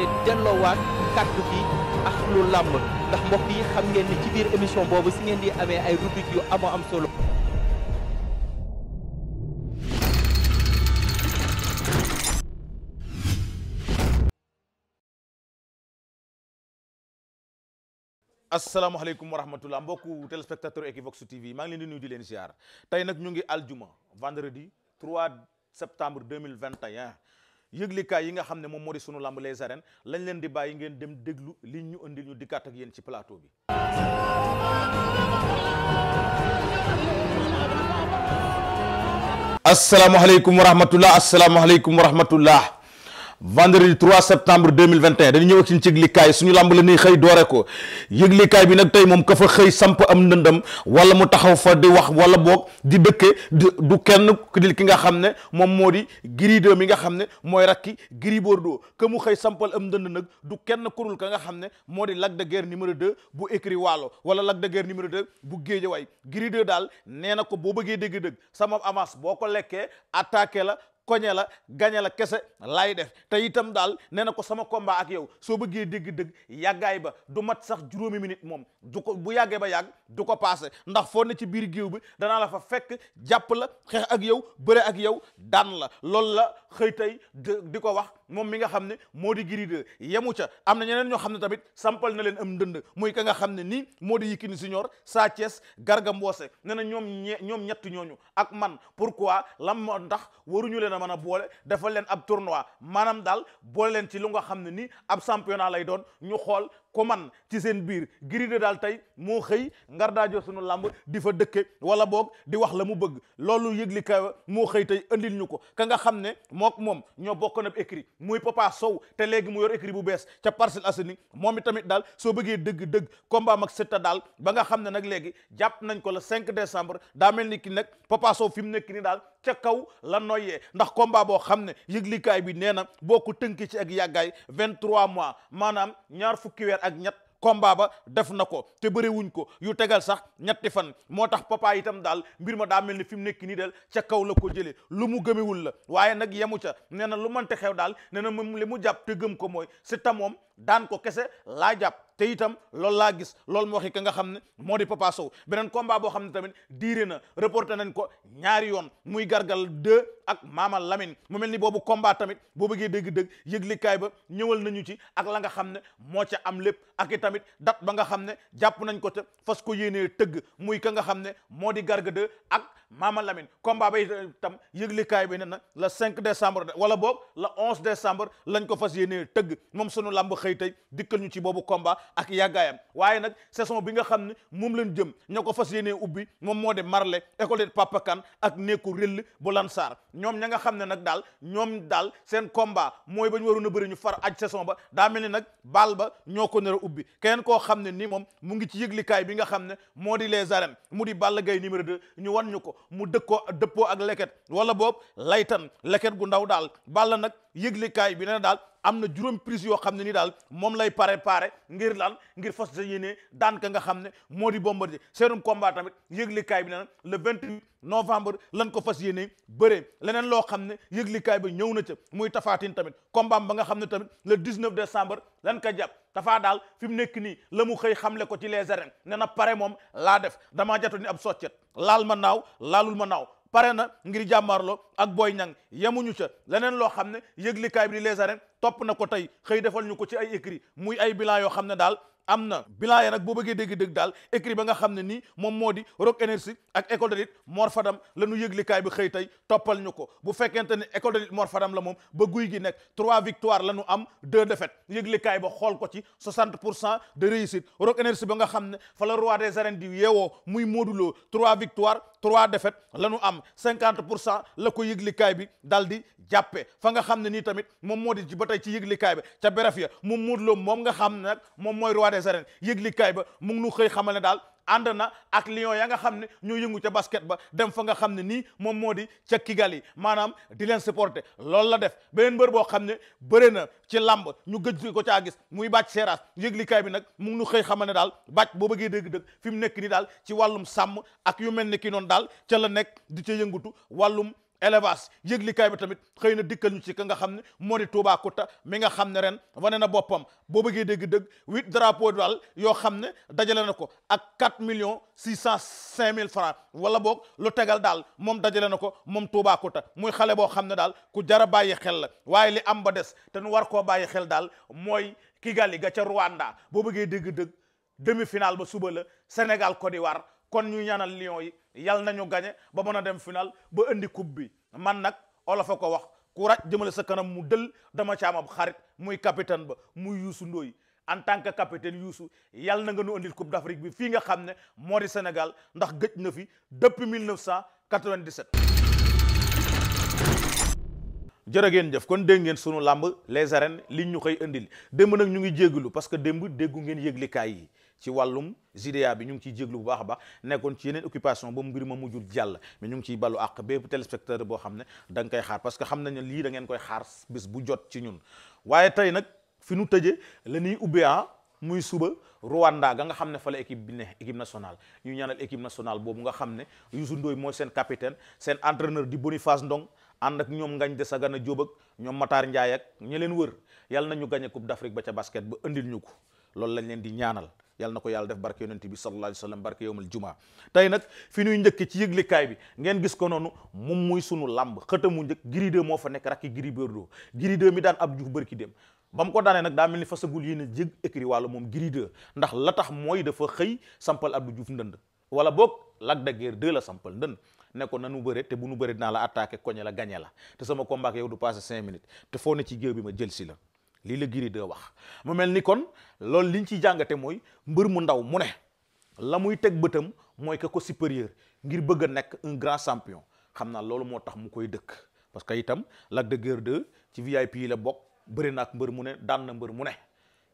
yéene delloowaat kàddu bi ak lu mbokk yi xam ngeen ni ci biir émission boobu si ngeen di amee mbokku téléspectateur Equivox TV maa ngi leen di nuyu di leen ziar tey nag ñu ngi aljuma vendredi 3 septembre yëglikaay yi nga xam ne moom moo di sunu lamb les arènes lañ leen di bàyyi ngeen dem déglu li ñu indil ñu dikkaat ak yéen ci plateau bi. asalaamaaleykum wa rahmatulah asalaamaaleykum wa rahmatulah. vendredi 3 septembre 2021 dañu ñëw ak ci yëglikaay suñu làmb la ñuy xëy doore ko yëglikaay bi nag tey moom ka fa xëy samp am ndëndam wala mu taxaw fa di wax wala boo di dëkke du kenn kudil ki nga xam ne moom moo di Gris 2 mi nga xam ne mooy rakki Gris Bordeaux que mu xëy sampal am ndënd nag du kenn kurul ka nga xam ne moo di Lac de numéro 2 bu écrit walo wala Lac de Guiers numéro 2 bu Guédiawaye waay 2 daal nee na ko boo bëggee dégg-dëgg sama avance boo ko lekkee attaqué la koñe la gañe la kese lay def tey itam daal nee na ko sama combat ak yow soo bëggee dégg-dëgg yàggaay ba du mat sax juróomi nit moom du ko bu yàggee ba yàgg du ko paase ndax foo ne ci biir géew bi danaa la fa fekk jàpp la xeex ak yow bëre ak yow daan la loolu la xëy tey di ko wax moom mi nga xam ne moo di Gris 2 yemu ca am na ñeneen ñoo xam ne tamit sampal na leen am ndënd muy ka nga xam ne nii moo di Yékini Senior Sa Thiès Garga Mbossé ne na ñoom ñee ñoom ñett ñooñu ak man pourquoi lan moo tax waruñu leen a mën a boole defal leen ab tournoi maanaam daal boole leen ci lu nga xam ne nii ab championnat lay doon ñu xool ku man ci seen biir Gris daal tey moo xëy ngar daajoo sunu làmb di fa dëkke wala boog di wax la mu bëgg loolu yëgli ka moo xëy tey andil ñu ko ka nga xam ne mook moom ñoo bokk na écrit muy Papa Sow te léegi mu yor écrit bu bees ca Parcelles Assainies moom i tamit daal soo bëggee dëgg-dëgg combat mag setta daal ba nga xam ne nag léegi jàpp nañ ko la cinq decembre daa mel ni ki nag Papa Sow fi mu nekk nii daal ca kaw la noyyee ndax combat boo xam ne yëglikaay bi nee na boo ko tënki ci ak yàggaay vingt-trois mois maanaam ñaar fukki weer ak ñett combat ba def na ko te bëre wuñ ko yu tegal sax ñetti fan moo tax papa itam daal mbir ma daa mel ni fi mu nekk nii daal ca kaw la ko jëlee lu mu gëmewul la waaye nag yemu ca nee na lu mënte xew daal nee na moom li mu jàpp te gëm ko mooy Siteu moom daan ko kese laa jàpp te itam loolu laa gis loolu mu waxi ka nga xam ne moo di Papa Sow beneen combat boo xam ne tamit diire na reporté nañ ko ñaari yoon muy gargal deux ak Mama Lamine mu mel ni boobu combat tamit boo bëggee dëgg-dëgg yëglikaay ba ñëwal nañu ci ak la nga xam ne moo ca am lépp ak i tamit date ba nga xam ne jàpp nañ ko fas ko yéenee tëgg muy ka nga xam ne moo di garga deux ak maama Lamine combat ba itam yëglikaay bi ne na le 5 décembre wala boog le 11 décembre lañ ko fas yéenee tëgg moom sunu làmb xëy tey dikkal ñu ci boobu combat ak yàggaayam waaye nag saison bi nga xam ne moom leen jëm ña ko fas yéenee ubbi moom moo de Marley école de Papa Kane ak nekku réll bu Lansar ñoom ña nga xam ne nag daal ñoom daal seen combat mooy ba ñu waroon a bëri ñu far aj saison ba daa mel ni nag baal ba ñoo ko nar ubbi keneen koo xam ne nii moom mu ngi ci yëglikaay bi nga xam ne moo di les arènes mu di Balla Gaye numéro 2 ñu wan ñu ko mu dëkkoo dëppoo ak leket wala boobu laytan leket gu ndaw daal Balla nag yëglikaay bi ne daal am na juróom prise yoo xam ne ni daal moom lay pare préparé ngir lan ngir fas yéene daan ka nga xam ne moo di bomba di seenum combat tamit yëglikaay bi ne le vingt-huit novembre lan ko fas yéene bëree leneen loo xam ne yëglikaay bi ñëw na ca muy tafaatin tamit combat ba nga xam ne tamit le 19 décembre lan ka jàpp tafaa daal fi mu nekk nii la mu xëy xamle ko ci les arènes ne na pare moom laa def damaa jatu ni ab soccet laal ma naaw laalul ma naaw pare na ngir jàmmaarloo ak Boy Niang yemuñu ca leneen loo xam ne yëglikaay bi di Les Arènes topp na ko tey xëy defal ñu ko ci ay écrit muy ay bilan yoo xam ne daal am na bilan ya nag boo bëggee dégg-dégg daal écrit ba nga xam ne nii moom moo di Rock Énergie ak école de lutte Mor Fadam la ñu yëglikaay bi xëy tey toppal ñu ko bu fekkente ne école de lutte Mor Fadam la moom ba guy gi nekk trois victoires la ñu am deux défaites yëglikaay ba xool ko ci 60 pour cent de réussite Rock Énergie ba nga xam ne fa la roi des arènes di yeewoo muy Modou Lo trois victoires trois fet la nu am cinquante pour cent la ko yëglikaay bi dal di jàppe fa nga xam ne nii tamit moom moo di ci ba tey ci yëglikaay bi ca beref ya moom Lo moom nga xam nag moom mooy roi des arènes yëgli kaay ba mu ngi nu xëy xamal ne daal ànd na ak lion ya nga xam ne ñoo yëngu ca basket ba dem fa nga xam ne nii moom moo di ca Kigali maanaam di leen supporter loolu la def beneen bër boo xam ne bëre na ci làmb ñu gëj ko caa gis muy bàcc seeraas yëglikaay bi nag mu ngi nu xëy xamal ne daal bàcc boo bëggee dëgg-dëgg fi mu nekk nii daal ci wàllum sàmm ak yu mel ni kii noonu daal ca nekk di ca yëngutu wàllum élevage yëglikaay bi tamit xëy na dikkal ñu ci ka nga xam ne moo di Toubacouta mi nga xam ne ren wane na boppam boo bëggee dégg-dëgg huit drapeau daal yoo xam ne dajale na ko ak quatre million six cent cinq mille francs wala boo lu tegal daal moom dajale na ko moom Toubacouta muy xale boo xam ne daal ku jar a bàyyi xel la waaye li am ba des te nu war koo bàyyi xel daal mooy kii Kigali ga ca Rwanda boo bëggee dégg-dëgg demi-finale ba suba la Sénégal Côte d'Ivoire kon ñu ñaanal Lions yi yal nañu gañe ba mën a dem final ba indi coupe bi man nag olof a ko wax ku raj jëmale sa kanam mu dël dama ci am ab xarit muy capitaine ba muy yuusu Ndoye en tant que capitaine Youssou yal na nga nu andil coupe d'Afrique bi fii nga xam ne moo di Sénégal ndax gëj na fi depuis 1997. jërë ngeen jëf kon dégg ngeen sunu làmb les arènes liñ ñu koy indil démb nag ñu ngi jéglu parce que démb déggu ngeen yëglikaay yi. ci wàllum JDA bi ñu ngi ciy jéglu bu baax a baax nekkoon ci yeneen occupation ba mu mbir ma mujjul jàll mais ñu ngi ciy ballu àq bépp téléspectateur boo xam ne da nga koy xaar parce que xam nañ ne lii da koy xaar bis bu jot ci ñun waaye tey nag fi nu tëjee la ñuy ubbee ah muy suba Rwanda ga nga xam ne fa la équipe bi ne équipe nationale ñu ñaanal équipe nationale boobu nga xam ne Youssou Ndoye mooy seen capitaine seen entraîneur di Boniface Ndong ànd ak ñoom ngañ de Sagana Diop ak ñoom Matar Ndiaye ak leen wër yàlla nañu gagné coupe d'Afrique ba ca basket ba indil ñu ko loolu lañ leen di ñaanal yàlla na ko yàlla def barke yonent bi sallallahu alayhi wa sallam barke yowmal jumaa tey nag fi ñuy njëkke ci yëglikaay bi ngeen gis ko noonu moom muy sunu làmb xëtamu njëkk Gris moo fa nekk rakki Gris Bordeaux Gris 2 mi daan ab juuf bërki dem ba mu ko daanee nag daa mel ni fasagul yéen a jég écrit wàlla moom Gris ndax la tax mooy dafa xëy sampal Abdou Diouf ndënd wala boog Lac de Guiers 2 la sampal ndënd ne na nu bëre te bu nu bëre dinaa la attaqué koñe la gañe la te sama combat ak te foo ne ci géew bi ma jël si la lii la Gris 2 wax mu mel ni kon loolu liñ ciy jàngate mooy mbër mu ndaw mu ne la muy teg bëtam mooy que ko supérieur ngir bëgg a nekk un grand champion xam naa loolu moo tax mu koy dëkk parce que itam Lac de Guiers 2 ci VIP yi la bokk bëri naa ak mbër mu ne daan na mbër mu ne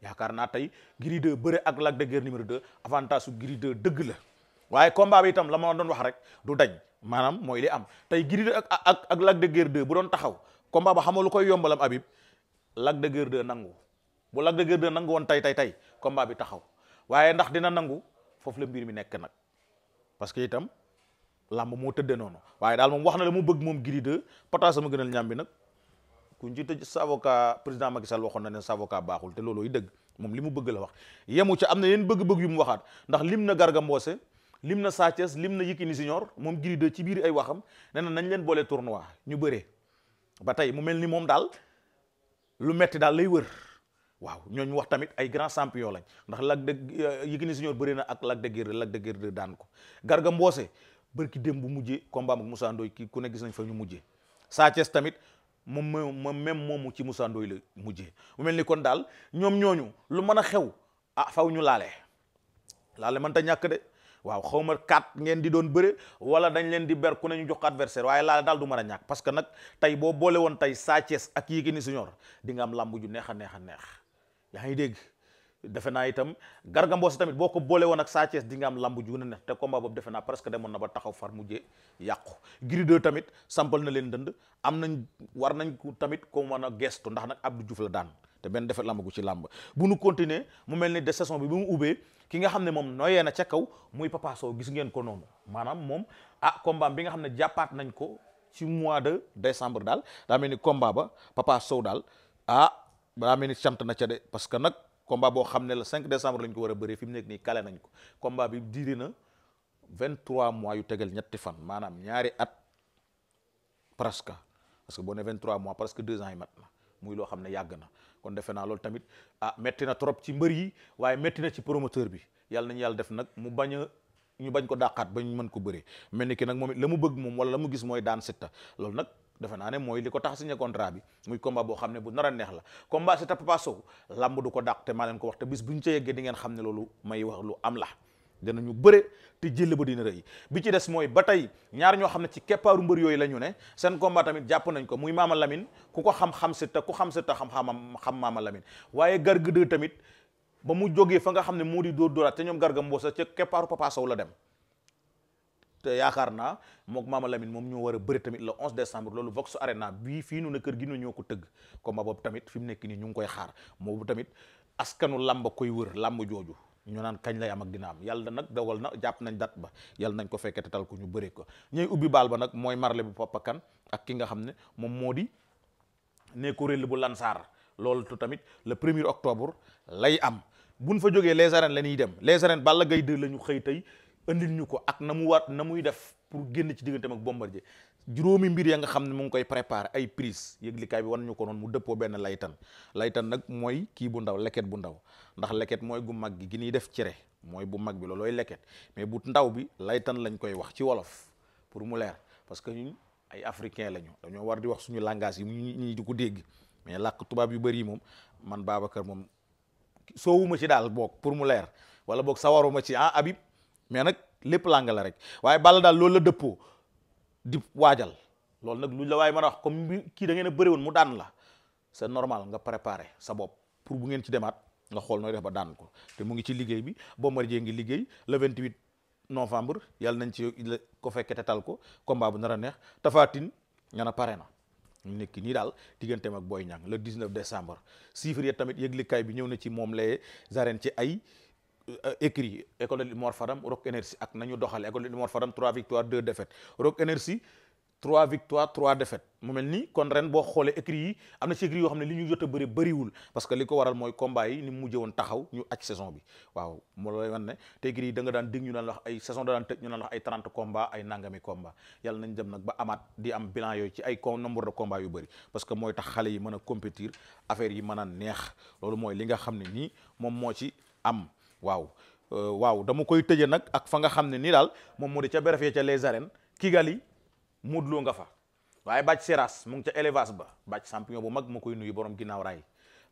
yaakaar naa tey Gris 2 bëre ak Lac dëggeer Guiers numéro avantage su Gris 2 dëgg la waaye combat bi itam la ma doon wax rek du dañ maanaam mooy li am tey Gris 2 ak ak ak Lac de bu doon taxaw combat ba xamoo lu koy yombalam Habib Lac de Guiers 2 nangu bu Lac de Guiers 2 nangu woon tey tey tey combat bi taxaw waaye ndax dina nangu foofu la mbir mi nekk nag parce que itam làmb moo tëddee noonu waaye daal moom wax na la mu bëgg moom Gris 2 pata sama gënal ñaam bi nag ku njiite sa avocat président Macky Sall waxoon na ne sa avocat baaxul te loolooy dëgg moom li mu bëgg la wax yemu ca am na yeneen bëgg-bëgg yu mu waxaat ndax lim na Garga Mbossé lim na Sa Thiès lim na Yékini Senior moom Gris ci biir ay waxam nee na nañ leen boole tournoi ñu bëree ba tey mu mel ni moom daal lu metti daal lay wër waaw ñooñu wax tamit ay grand champion lañ ndax Lac de euh, Yékini Junior bëri na ak Lac de Guiers Lac de Guiers daan ko Garga Mbossé bërki dem bu mujjee combat ak Moussa kii ku ne gis nañ fa ñu mujjee Sa Thiès tamit moom moom même moomu ci Moussa Ndoye la mujjee mu mel ni kon daal ñoom ñooñu lu mën a xew ah faw ñu laale laale mën ñàkk de waaw xaw ma kat ngeen di doon bëre wala dañ leen di ber ku nañu jox adversaire waaye laale daal du mën a ñàkk parce que nag tey boo boole woon tey Sa Thiès ak Yékini Senior di nga am lamb ju neex a neex a neex yaa ngi dégg defe naa itam Garga Mbossé tamit boo ko boole woon ak Sa dinga am lamb ju gën a neex te combat boobu defe naa presque demoon na ba taxaw far mujjee yàqu Gris 2 tamit sampal na leen dënd am nañ war nañ ko tamit ko mën a gestu ndax nag Abdou Diouf la daan te benn defet lamb gu ci làmb bu nu continuer mu mel ni de saison bi bi mu ubbee ki nga xam ne moom noyee na ca kaw muy Papa Sow gis ngeen ko noonu maanaam moom ah combat bi nga xam ne jàppaat nañ ko ci mois de décembre daal daa mel ni combat ba Papa Sow daal ah daa mel ni sant na ca de parce que nag combat boo xam ne la 5 décembre lañ ko war a bëree fi mu nekk nii kale nañ ko combat bi diiri na 23 mois yu tegal ñetti fan maanaam ñaari at presque parce que boo ne 23 mois presque 2 ans yi mat na muy loo xam ne yàgg na kon defe naa loolu tamit ah métti na trop ci mbër yi waaye métti na ci promoteur bi yal nañu yàlla def nag mu bañ a ñu bañ ko dàqaat bañ man ko bëree mel ni ki nag moom la mu bëgg moom wala la mu gis mooy daan Siteu loolu nag defe naa ne mooy li ko tax signé contrat bi muy combat boo xam ne bu nar a neex la combat Siteu Papa Sow lamb du ko dàq te maa leen ko wax te bis bu ñu ca yeggee di ngeen xam ne loolu may wax lu am la dana ñu bëre te jël ba dina rey bi ci des mooy ba tey ñaar ñoo xam ne ci keppaaru mbër yooyu la ñu ne seen combat tamit jàpp nañ ko muy Maama Lamine ku ko xam-xam si te ku xam si te xam xam Maama waaye Garga 2 tamit ba mu jógee fa nga xam ne moo di dóor dóoraat te ñoom Garga Mbossé ca keppaaru Papa Sow la dem te yaakaar naa mook Maama Lamine moom ñoo war a bëri tamit le 11 décembre loolu Vox Arena bii fii nu ne kër gi nu ñoo ko tëgg combat boobu tamit fi mu nekk nii ñu ngi koy xaar moobu tamit askanu làmb koy wër làmb jooju ñu naan kañ lay am ak dina am yàlla nag dogal na jàpp nañ dat ba yàlla nañ ko fekkee te tal ko ñu bëree ko ñooy ubbi baal ba nag mooy marle bu Papa Kane ak ki nga xam ne moom moo di nekko réll bu Lansar loolu tu tamit le premier octobre lay am bu buñ fa jógee les arènes la ñuy dem les arènes Balla Gaye 2 la ñu xëy tey andil ñu ko ak na mu war na muy def pour génn ci digganteem ak Bombardier juróomi mbir ya nga xam ne mu ngi koy préparé ay prise yëglikaay bi wan ñu ko noonu mu dëppoo benn laytan laytan nag mooy kii bu ndaw leket bu ndaw ndax leket mooy gu mag gi gi ñuy def cere mooy bu mag bi loolooy leket mais bu ndaw bi laytan lañ koy wax ci wolof pour mu leer parce que ñun ay africain lañu dañoo war di wax suñu langage yi ñi di ko dégg mais làkk tubaab yu bëri moom man Babacar moom soowuma ci daal boog pour mu leer wala boog sawaruma ci ah Habib mais nag lépp làng la rek waaye Balla daal loolu la dëppoo di waajal loolu nag luñ la waaye mën a wax comme bi kii da ngeen a bëri woon mu daan la c'est normal nga préparer sa bopp pour bu ngeen ci demaat nga xool nooy def ba daan ko te mu ngi ci liggéey bi boo jee ngi liggéey le 28 novembre yàlla nañ ci ko fekke te tal ko combat bu nar a neex tafaatin ña na pare na ñu nekk nii daal digganteem ak Boy la le 19 décembre chiffres yi tamit yëglikaay bi ñëw na ci moom les arènes ci ay Euh, écrit école de Mor Fadam Rock Énergie ak nañu doxale école de Mor Fadam trois victoires deux défaites Rock Énergie trois victoires trois défaites mu mel ni kon ren boo xoolee écrit yi am na ci écrit yoo xam ne li ñu jot a bëri parce que li ko waral mooy combat yi ni mu mujjee woon taxaw ñu aj saison bi waaw mo lay wan ne te écrit yi da nga daan dégg ñu naan wax ay saison da daan tëj ñu naan wax ay trente combats ay nangami combats yàlla nañ dem nag ba amaat di am bilan yooyu ci ay nombre de combats yu bëri parce que mooy tax xale yi mën a compétir affaire yi mën a neex loolu mooy li nga xam ne nii moom moo ci am waaw euh, waaw dama koy tëje nag ak fa nga xam ne ni daal moom moo de ca beref ya ca les arènes Kigali Modou Lo nga fa waaye bàcc Seras mu ngi ca élevage ba bàcc champion bu mag ma koy nuyu borom ginnaaw raay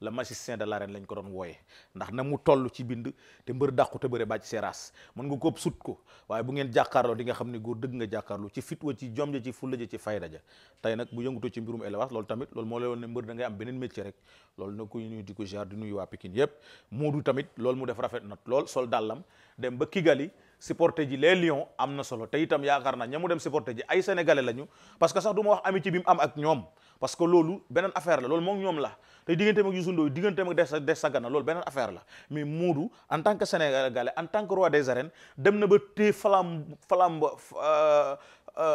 le magicien de l'arène lañ ko doon wooye ndax na mu toll ci bind te mbër dàqu te bëre bàcc seeraas mën nga koob sut ko waaye bu ngeen jàkkaarloo di nga xam ne góor dëgg nga jàkkaarloo ci fit wa ci jom ja ci fulla ja ci fayda ja tey nag bu yëngutoo ci mbirum élevage loolu tamit loolu moo lay woon ne mbër da ngay am beneen métier rek loolu nag koy nuyu di ko jaar di nuyu waa Pikine yépp Moodu tamit loolu mu def rafet na lool sol dàllam dem ba Kigali supporter ji les lion am na solo tey itam yaakaar naa ña mu dem supporter ji ay sénégalais lañu parce que sax du ma wax amitié bi mu am ak ñoom parce que loolu beneen affaire la loolu moom ñoom la te digganteem ak Youssou Ndoye digganteem ak des des sagana loolu beneen affaire la mais Modou en tant que gale en tant que roi des arènes dem na ba téye flam flambe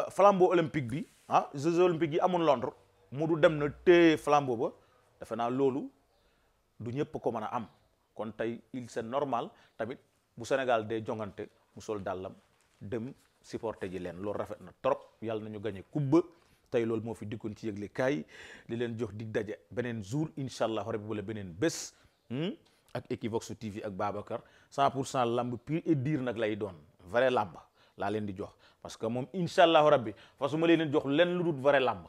flambeau euh, euh, olympique bi ah jeux olympiques yi amul Londres Modou dem na téye flambeau ba defe naa loolu du ñëpp ko mën a am kon tey il c'est normal tamit bu Sénégal dee jongante mu sol dàllam dem supporté ji leen loolu rafet na trop yàlla ñu gañe kubba tey loolu moo fi dikkoon ci yëgle kaay di leen jox dig daje beneen jour incha allah rabbi wala beneen bés hmm? ak Equivox TV ak Babacar 100 pour cent lamb pur et dur nag lay doon vrai lamb laa leen di jox parce que moom incha allah rabbi fa su ma leen jox leen lu dul vrai lamb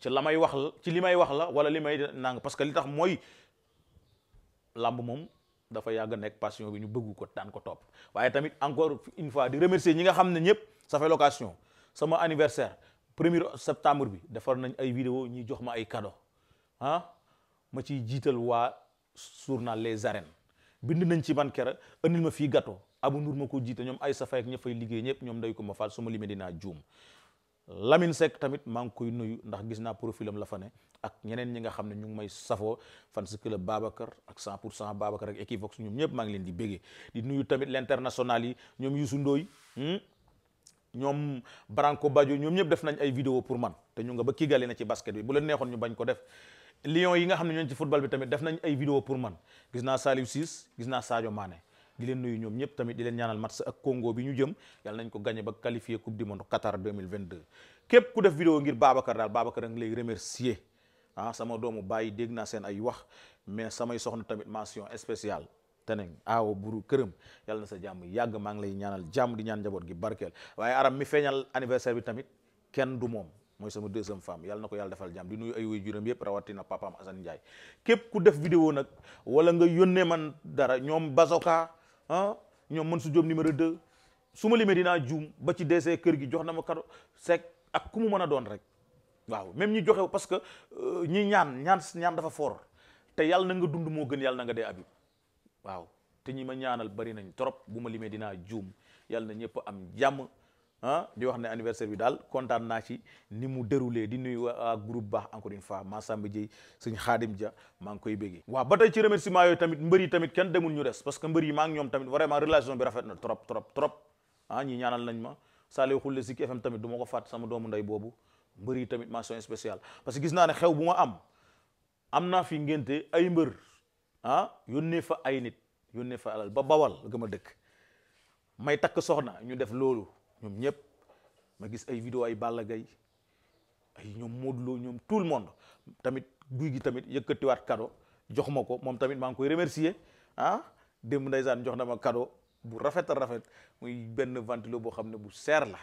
ci la may wax la ci li may wax la wala li may nang parce que li tax mooy lamb moom. dafa yàgg nekk passion bi ñu bëgg ko daan ko topp waaye tamit encore une fois di remercier ñi nga xam ne ñëpp ça fait sama anniversaire premier septembre bi defar nañ ay video ñi jox ma ay kado ah ma ciy jiital waa suur naa les arènes bind nañ ci man kera andil ma fii gâteau abu nur ma ko jiite ñoom ay safay ak ña fay liggéey ñëpp ñoom day ko ma faal su ma limee dinaa juum Lamine Seck tamit maa ngi koy nuyu ndax gis naa profilam la fane ne ak ñeneen ñi nga xam ne ñu ngi may safoo fan si club Babacar ak 100 pour cent Babacar ak Equivox ñoom ñëpp maa ngi leen di béggee di nuyu tamit l'international yi ñoom Youssou Ndoye hmm? ñoom Branco Badio ñoom ñëpp def nañ ay vidéo pour man te ñu nga ba Kigali na ci basket bi bu leen neexoon ñu bañ ko def Lions yi nga xam ne ñooñu ci football bi tamit def nañ ay vidéo pour man gis naa Saliou Ciss gis naa Sadio maane di leen nuyu ñoom ñëpp tamit di leen ñaanal match ak Congo bi ñu jëm yàlla nañ ko gagné ba qualifié coupe du monde Qatar 2022 képp ku def vidéo ngir Babacar daal Babacar da lay remercier ah, sama doomu bàyyi dégg naa seen ay wax mais samay soxna tamit mention spéciale teneng aawo buru këram yàlla na sa jàmm yàgg maa ngi lay ñaanal jàmm di ñaan njaboot gi barkeel waaye aram mi feeñal anniversaire bi tamit kenn du moom mooy sama deuxième femme yal na ko yàlla defal jàmm di nuyu ay waajuram yëpp rawatina papaam Assane Ndiaye képp ku def vidéo nag wala ah ñoom mën su joom a 2 su ma limee dinaa juum ba ci DC kër gi jox na ma kado sec ak ku mu mën a doon rek waaw même ñi joxe parce que euh, ñi ñaan ñaan ñaan dafa foor te yàlla na nga dund moo gën yàlla na nga dee abib waaw te ñi ma ñaanal bari nañ trop bu ma limee dinaa juum yàlla na ñëpp am jàmm ah di wax na anniversaire bi daal kontaan naa ci ni mu déroulé di nuyu waa groupe baax encore une fois Massamba Dieye sëñ Khadim Dia maa ngi koy béggee waaw ba tey ci remerciement yooyu tamit mbër yi tamit kenn demul ñu des que mbër yi maa ngi ñoom tamit vraiment relation bi rafet na trop trop trop ah nañ ma Saliou Khoule Zik FM tamit du ma ko fàtt sama doomu ndey boobu mbër yi tamit mention spéciale parce que gis naa ne xew bu ma am am naa fi ngénte ay mbër ah yónnee fa ay nit yónnee fa alal ba bawal gëm a dëkk may takk soxna ñu def loolu ñoom ñëpp ma gis ay vidéo ay Balla Gaye ay ñoom Modou Lo ñoom tout le monde tamit guy gi tamit yëkkatiwaat cadeau jox ma ko moom tamit maa ngi koy remercier ah démb ndeysaan jox na ma cadeau bu rafet a rafet muy benn ventilo boo xam ne bu seer la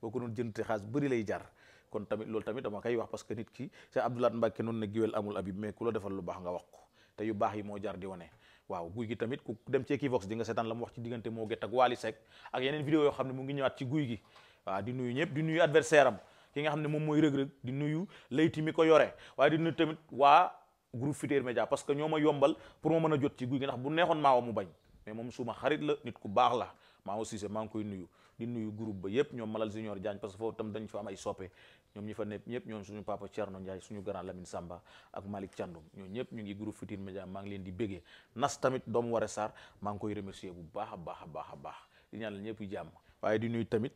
boo ko doon jëndte xaas bëri lay jar kon tamit loolu tamit dama koy wax parce que nit ki c'est Abdoulaye Mbacke noonu na giwel amul abib mais ku la defal lu baax nga wax ko te yu baax yi moo jar di wane waaw guy gi tamit ku dem ci Equivox di nga seetaan la mu wax ci diggante moo gett ak Wally Seck ak yeneen vidéo yoo xam ne mu ngi ñëwaat ci guy gi waaw di nuyu ñëpp di nuyu adversaire am ki nga xam ne moom mooy rëg-rëg di nuyu layti mi ko yore waaye di nuyu tamit waa group groupe Futurs Médias parce que ñoo ma yombal pour ma mën a jot ci guy gi ndax bu neexoon maawa mu bañ mais moom suma xarit la nit ku baax la maa aussi maa ngi koy nuyu di nuyu groupe ba yépp ñoom malal junior Diagne parce que tam dañ fa am ay soppe ñoom ñi fa nekk ñëpp ñoom suñu papa Thierno Ndiaye suñu grand Lamine Samba ak Malick Thiandoum ñoom ñëpp ñu ngi groupe Futurs Médias maa ngi leen di béggee nas tamit doomu Woré Sarr maa ngi koy remercier bu baax a baax a baax a baax di ñaanal ñëpp jàmm waaye di nuyu tamit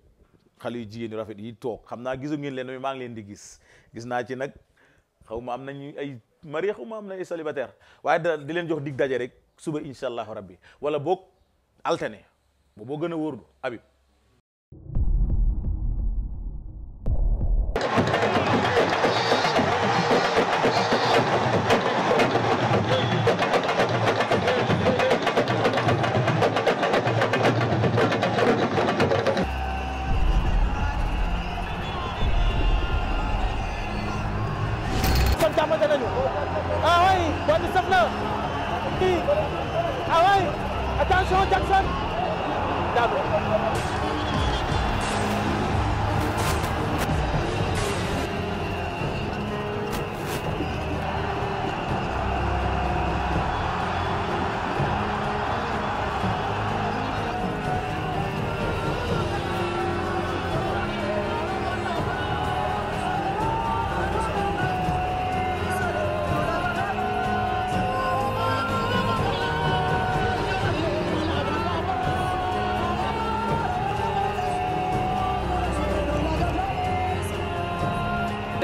xale yu jigéen rafet yi toog xam naa gisu ngeen leen mais ngi leen di gis gis naa ci nag xaw ma am nañu ay mari xaw ma am na ay célibataire waaye daal di leen jox dig daje rek suba incha allahu rabbi wala boog alterné boo boo gën a wóorlu abi